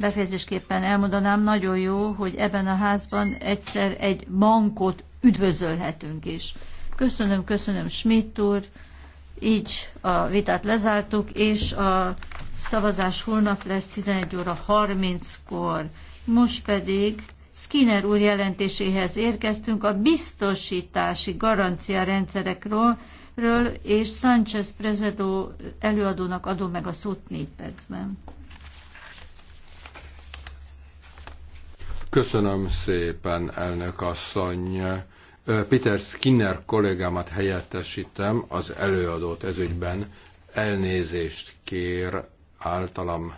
Befejezésképpen elmondanám, nagyon jó, hogy ebben a házban egyszer egy bankot üdvözölhetünk is. Köszönöm, köszönöm Schmidt úr, így a vitát lezártuk, és a szavazás holnap lesz 11 óra 30-kor. Most pedig Skinner úr jelentéséhez érkeztünk a biztosítási garancia rendszerekről, és Sánchez Prezedo előadónak adom meg a szót négy percben. Köszönöm szépen, elnök asszony. Peter Skinner kollégámat helyettesítem az előadót ezügyben. Elnézést kér általam,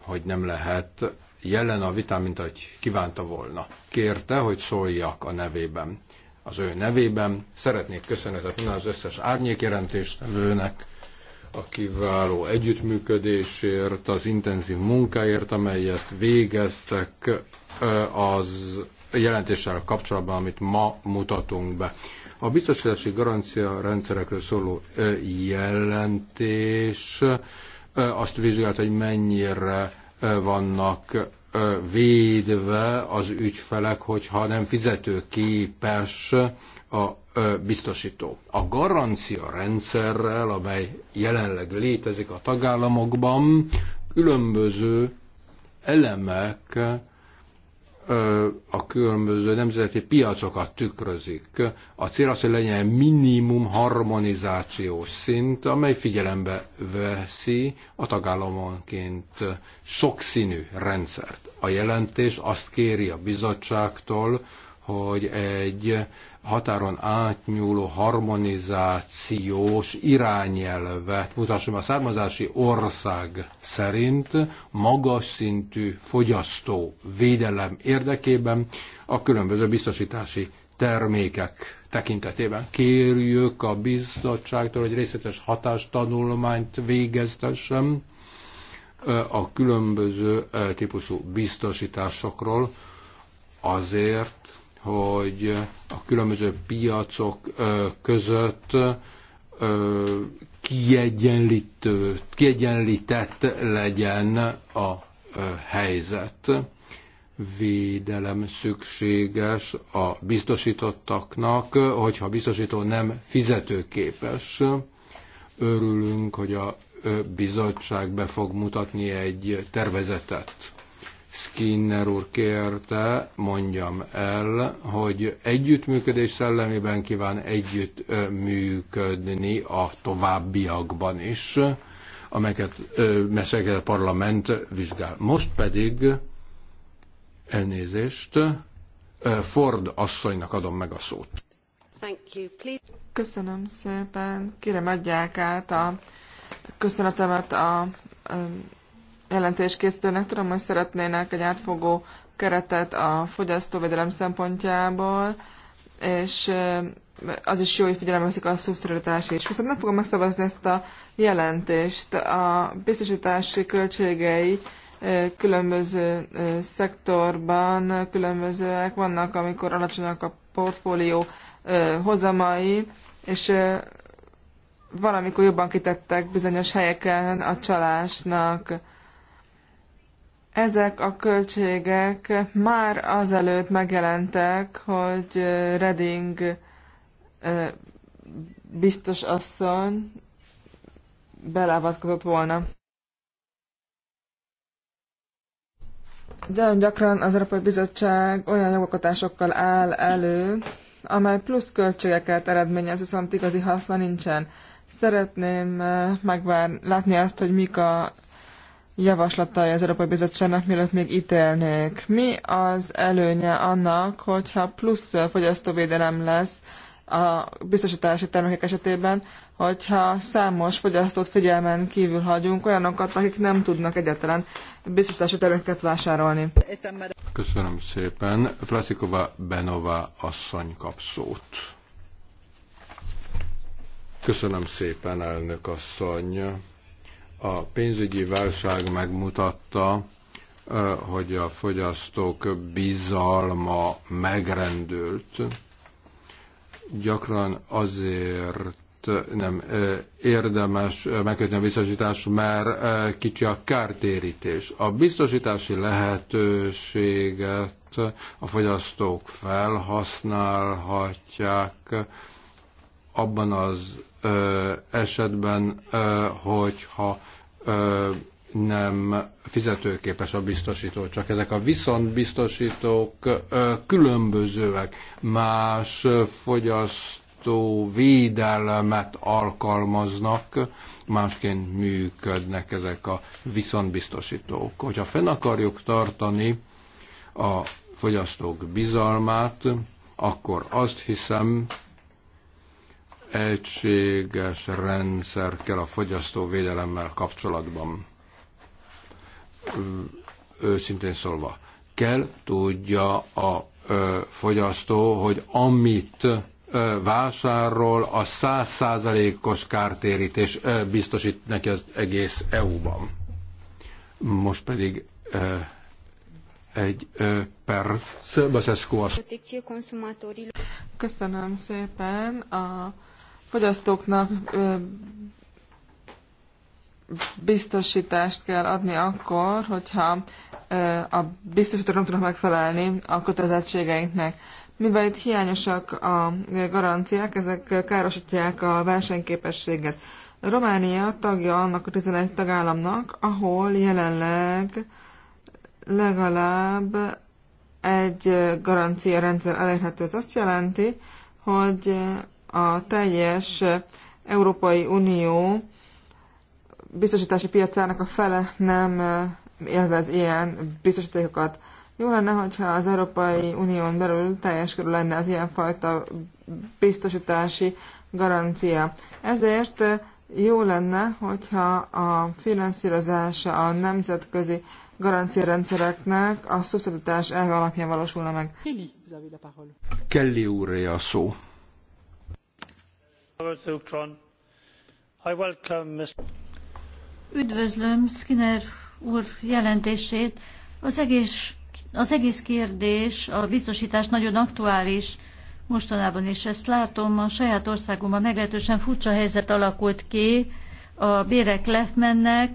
hogy nem lehet jelen a vitán, mint ahogy kívánta volna. Kérte, hogy szóljak a nevében. Az ő nevében szeretnék köszönetet mondani az összes árnyékjelentéstevőnek, a kiváló együttműködésért, az intenzív munkáért, amelyet végeztek az jelentéssel kapcsolatban, amit ma mutatunk be. A biztosítási garancia rendszerekről szóló jelentés azt vizsgálta, hogy mennyire vannak védve az ügyfelek, hogyha nem fizetőképes a biztosító. A garancia rendszerrel, amely jelenleg létezik a tagállamokban, különböző elemek a különböző nemzeti piacokat tükrözik. A cél az, hogy legyen minimum harmonizációs szint, amely figyelembe veszi a tagállamonként sokszínű rendszert. A jelentés azt kéri a bizottságtól, hogy egy határon átnyúló harmonizációs irányelvet mutasson a származási ország szerint magas szintű fogyasztó védelem érdekében a különböző biztosítási termékek tekintetében. Kérjük a bizottságtól, hogy részletes hatástanulmányt végeztessem a különböző típusú biztosításokról, azért, hogy a különböző piacok között kiegyenlítő, kiegyenlített legyen a helyzet. Védelem szükséges a biztosítottaknak, hogyha a biztosító nem fizetőképes. Örülünk, hogy a bizottság be fog mutatni egy tervezetet Skinner úr kérte, mondjam el, hogy együttműködés szellemében kíván együttműködni a továbbiakban is, amelyeket, messzeket a parlament vizsgál. Most pedig elnézést Ford asszonynak adom meg a szót. Köszönöm szépen. Kérem, adják át a köszönetemet a, a jelentéskészítőnek tudom, hogy szeretnének egy átfogó keretet a fogyasztóvédelem szempontjából, és eh, az is jó, hogy veszik a szubszidiaritást is. Viszont nem fogom megszavazni ezt a jelentést. A biztosítási költségei eh, különböző eh, szektorban különbözőek vannak, amikor alacsonyak a portfólió hozamai, és valamikor jobban kitettek bizonyos helyeken a csalásnak. Ezek a költségek már azelőtt megjelentek, hogy Reding biztos asszony belávatkozott volna. De gyakran az Európai Bizottság olyan jogokatásokkal áll elő, amely plusz költségeket eredményez, viszont igazi haszna nincsen. Szeretném megvár, látni azt, hogy mik a javaslatai az Európai Bizottságnak, mielőtt még ítélnék. Mi az előnye annak, hogyha plusz fogyasztóvédelem lesz a biztosítási termékek esetében, hogyha számos fogyasztót figyelmen kívül hagyunk, olyanokat, akik nem tudnak egyáltalán biztosítási termékeket vásárolni. Köszönöm szépen. Flaszikova Benova asszony kap szót. Köszönöm szépen, elnök asszony. A pénzügyi válság megmutatta, hogy a fogyasztók bizalma megrendült. Gyakran azért nem érdemes megkötni a biztosítást, mert kicsi a kártérítés. A biztosítási lehetőséget a fogyasztók felhasználhatják abban az ö, esetben, ö, hogyha ö, nem fizetőképes a biztosító, csak ezek a viszontbiztosítók ö, különbözőek, más fogyasztó védelmet alkalmaznak, másként működnek ezek a viszontbiztosítók. Hogyha fenn akarjuk tartani a fogyasztók bizalmát, akkor azt hiszem, egységes rendszer kell a fogyasztóvédelemmel kapcsolatban. Őszintén szólva, kell tudja a fogyasztó, hogy amit vásárol, a százszázalékos kártérítés biztosít neki az egész EU-ban. Most pedig egy perc. Köszönöm szépen a fogyasztóknak biztosítást kell adni akkor, hogyha a biztosítók nem tudnak megfelelni a kötelezettségeinknek. Mivel itt hiányosak a garanciák, ezek károsítják a versenyképességet. Románia tagja annak a 11 tagállamnak, ahol jelenleg legalább egy garancia rendszer elérhető. Ez azt jelenti, hogy a teljes Európai Unió biztosítási piacának a fele nem eh, élvez ilyen biztosítékokat. Jó lenne, hogyha az Európai Unión belül teljes körül lenne az ilyenfajta biztosítási garancia. Ezért eh, jó lenne, hogyha a finanszírozása a nemzetközi garanciarendszereknek a szubszidatás elve alapján valósulna meg. Kelly úrja a szó. Üdvözlöm Skinner úr jelentését. Az egész, az egész kérdés, a biztosítás nagyon aktuális mostanában, és ezt látom, a saját országomban meglehetősen furcsa helyzet alakult ki, a bérek lemennek,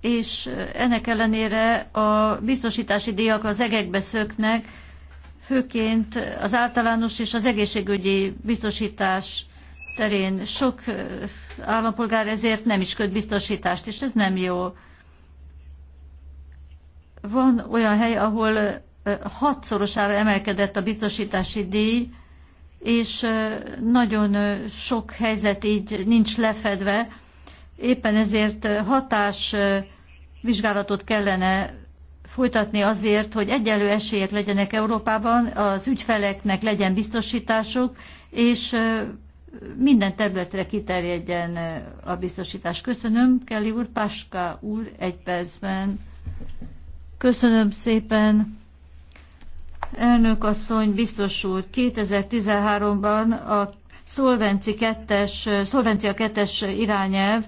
és ennek ellenére a biztosítási díjak az egekbe szöknek, főként az általános és az egészségügyi biztosítás terén sok állampolgár ezért nem is köt biztosítást, és ez nem jó. Van olyan hely, ahol hatszorosára emelkedett a biztosítási díj, és nagyon sok helyzet így nincs lefedve. Éppen ezért hatás vizsgálatot kellene folytatni azért, hogy egyenlő esélyek legyenek Európában, az ügyfeleknek legyen biztosításuk, és minden területre kiterjedjen a biztosítás. Köszönöm, Kelly úr, Páska úr, egy percben. Köszönöm szépen. Elnök asszony, biztos úr, 2013-ban a Szolvenci 2-es, Szolvencia 2-es irányelv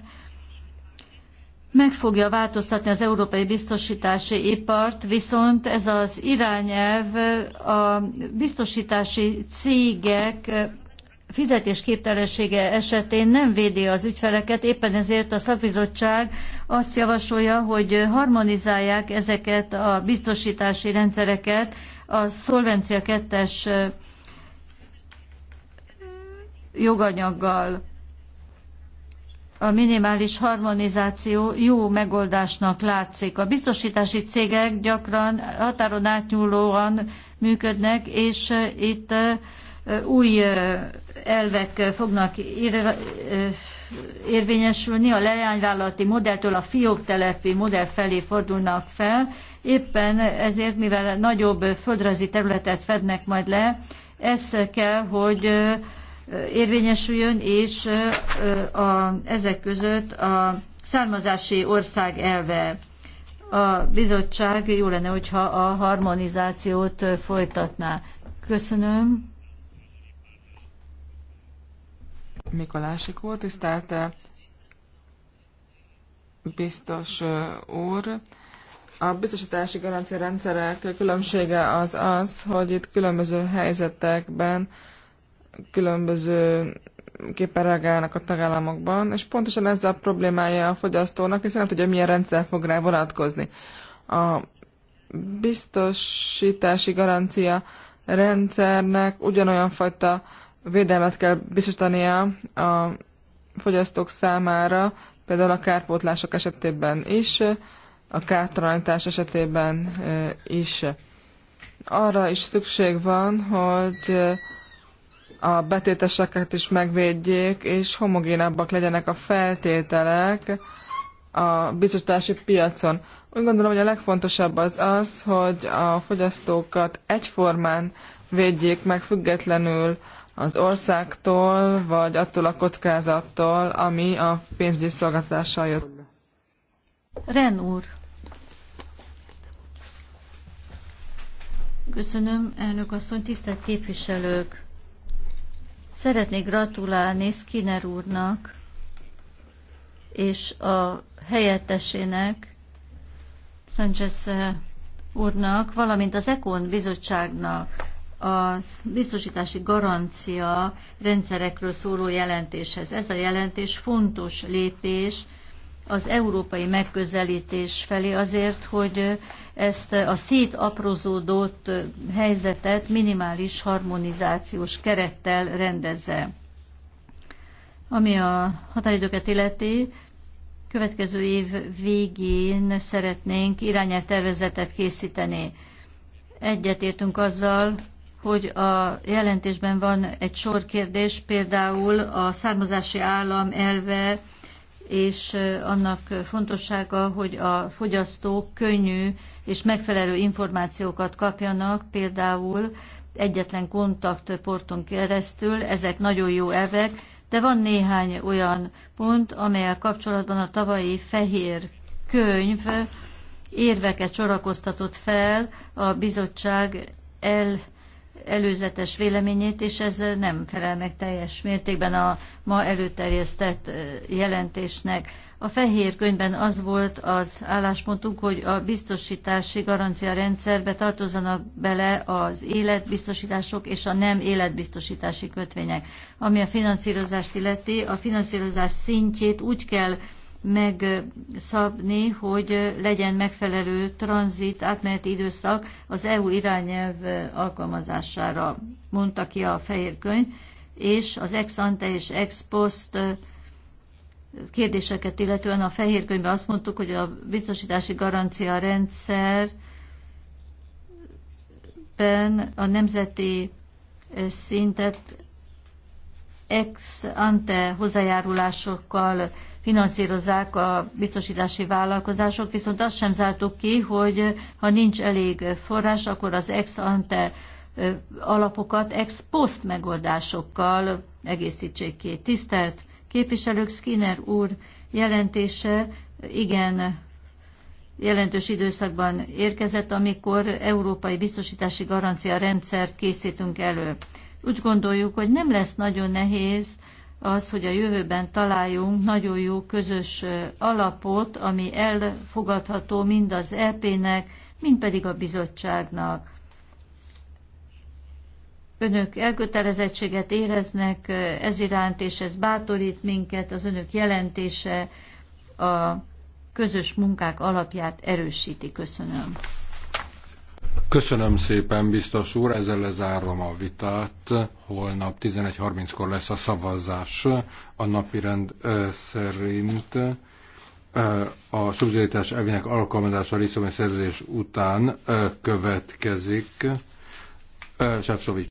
meg fogja változtatni az európai biztosítási ipart, viszont ez az irányelv a biztosítási cégek fizetésképtelensége esetén nem védi az ügyfeleket, éppen ezért a szakbizottság azt javasolja, hogy harmonizálják ezeket a biztosítási rendszereket a Szolvencia 2 joganyaggal. A minimális harmonizáció jó megoldásnak látszik. A biztosítási cégek gyakran határon átnyúlóan működnek, és itt új elvek fognak ér, érvényesülni, a leányvállalati modelltől a fióktelepi modell felé fordulnak fel, éppen ezért, mivel nagyobb földrajzi területet fednek majd le, ez kell, hogy érvényesüljön, és a, ezek között a származási ország elve. A bizottság jó lenne, hogyha a harmonizációt folytatná. Köszönöm. Mikolásik úr, tisztelt eh, biztos eh, úr. A biztosítási garancia rendszerek különbsége az az, hogy itt különböző helyzetekben különböző képpen reagálnak a tagállamokban, és pontosan ez a problémája a fogyasztónak, hiszen nem tudja, milyen rendszer fog rá vonatkozni. A biztosítási garancia rendszernek ugyanolyan fajta védelmet kell biztosítania a fogyasztók számára, például a kárpótlások esetében is, a kártalanítás esetében is. Arra is szükség van, hogy a betéteseket is megvédjék, és homogénabbak legyenek a feltételek a biztosítási piacon. Úgy gondolom, hogy a legfontosabb az az, hogy a fogyasztókat egyformán védjék meg függetlenül az országtól, vagy attól a kockázattól, ami a pénzügyi szolgáltatással jött. Ren úr. Köszönöm, elnök asszony, tisztelt képviselők! Szeretnék gratulálni Skinner úrnak és a helyettesének, Sanchez úrnak, valamint az Ekon bizottságnak a biztosítási garancia rendszerekről szóló jelentéshez. Ez a jelentés fontos lépés az európai megközelítés felé azért, hogy ezt a szétaprozódott helyzetet minimális harmonizációs kerettel rendezze. Ami a határidőket illeti, következő év végén szeretnénk irányelvtervezetet készíteni. Egyetértünk azzal, hogy a jelentésben van egy sor kérdés, például a származási állam elve és annak fontossága, hogy a fogyasztók könnyű és megfelelő információkat kapjanak, például egyetlen kontaktporton keresztül, ezek nagyon jó elvek, de van néhány olyan pont, amelyel kapcsolatban a tavalyi fehér könyv érveket sorakoztatott fel a bizottság el előzetes véleményét, és ez nem felel meg teljes mértékben a ma előterjesztett jelentésnek. A fehér könyvben az volt az álláspontunk, hogy a biztosítási garancia rendszerbe tartozanak bele az életbiztosítások és a nem életbiztosítási kötvények. Ami a finanszírozást illeti, a finanszírozás szintjét úgy kell megszabni, hogy legyen megfelelő tranzit átmeneti időszak az EU irányelv alkalmazására, mondta ki a fehér könyv, és az ex ante és ex post kérdéseket illetően a fehér könyvben azt mondtuk, hogy a biztosítási garancia rendszer a nemzeti szintet ex ante hozzájárulásokkal finanszírozzák a biztosítási vállalkozások, viszont azt sem zártuk ki, hogy ha nincs elég forrás, akkor az ex ante alapokat ex post megoldásokkal egészítsék ki. Tisztelt képviselők, Skinner úr jelentése igen jelentős időszakban érkezett, amikor európai biztosítási garancia rendszert készítünk elő. Úgy gondoljuk, hogy nem lesz nagyon nehéz az, hogy a jövőben találjunk nagyon jó közös alapot, ami elfogadható mind az EP-nek, mind pedig a bizottságnak. Önök elkötelezettséget éreznek ez iránt, és ez bátorít minket, az önök jelentése a közös munkák alapját erősíti. Köszönöm. Köszönöm szépen, biztos úr, ezzel lezárom a vitát. Holnap 11.30-kor lesz a szavazás a napirend szerint a szubszidiaritás elvének alkalmazása a részvényszerzés után következik. Sefcovics.